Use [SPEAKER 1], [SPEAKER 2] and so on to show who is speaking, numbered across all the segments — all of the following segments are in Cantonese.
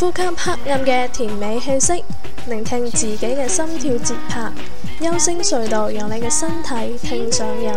[SPEAKER 1] 呼吸黑暗嘅甜美氣息，聆聽自己嘅心跳節拍，幽聲隧道讓你嘅身體聽上癮。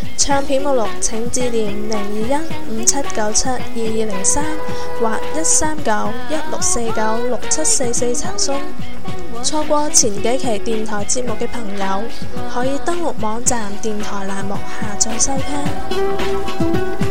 [SPEAKER 1] 唱片目錄，請致電零二一五七九七二二零三或一三九一六四九六七四四查詢。錯過前幾期電台節目嘅朋友，可以登錄網站電台欄目下載收聽。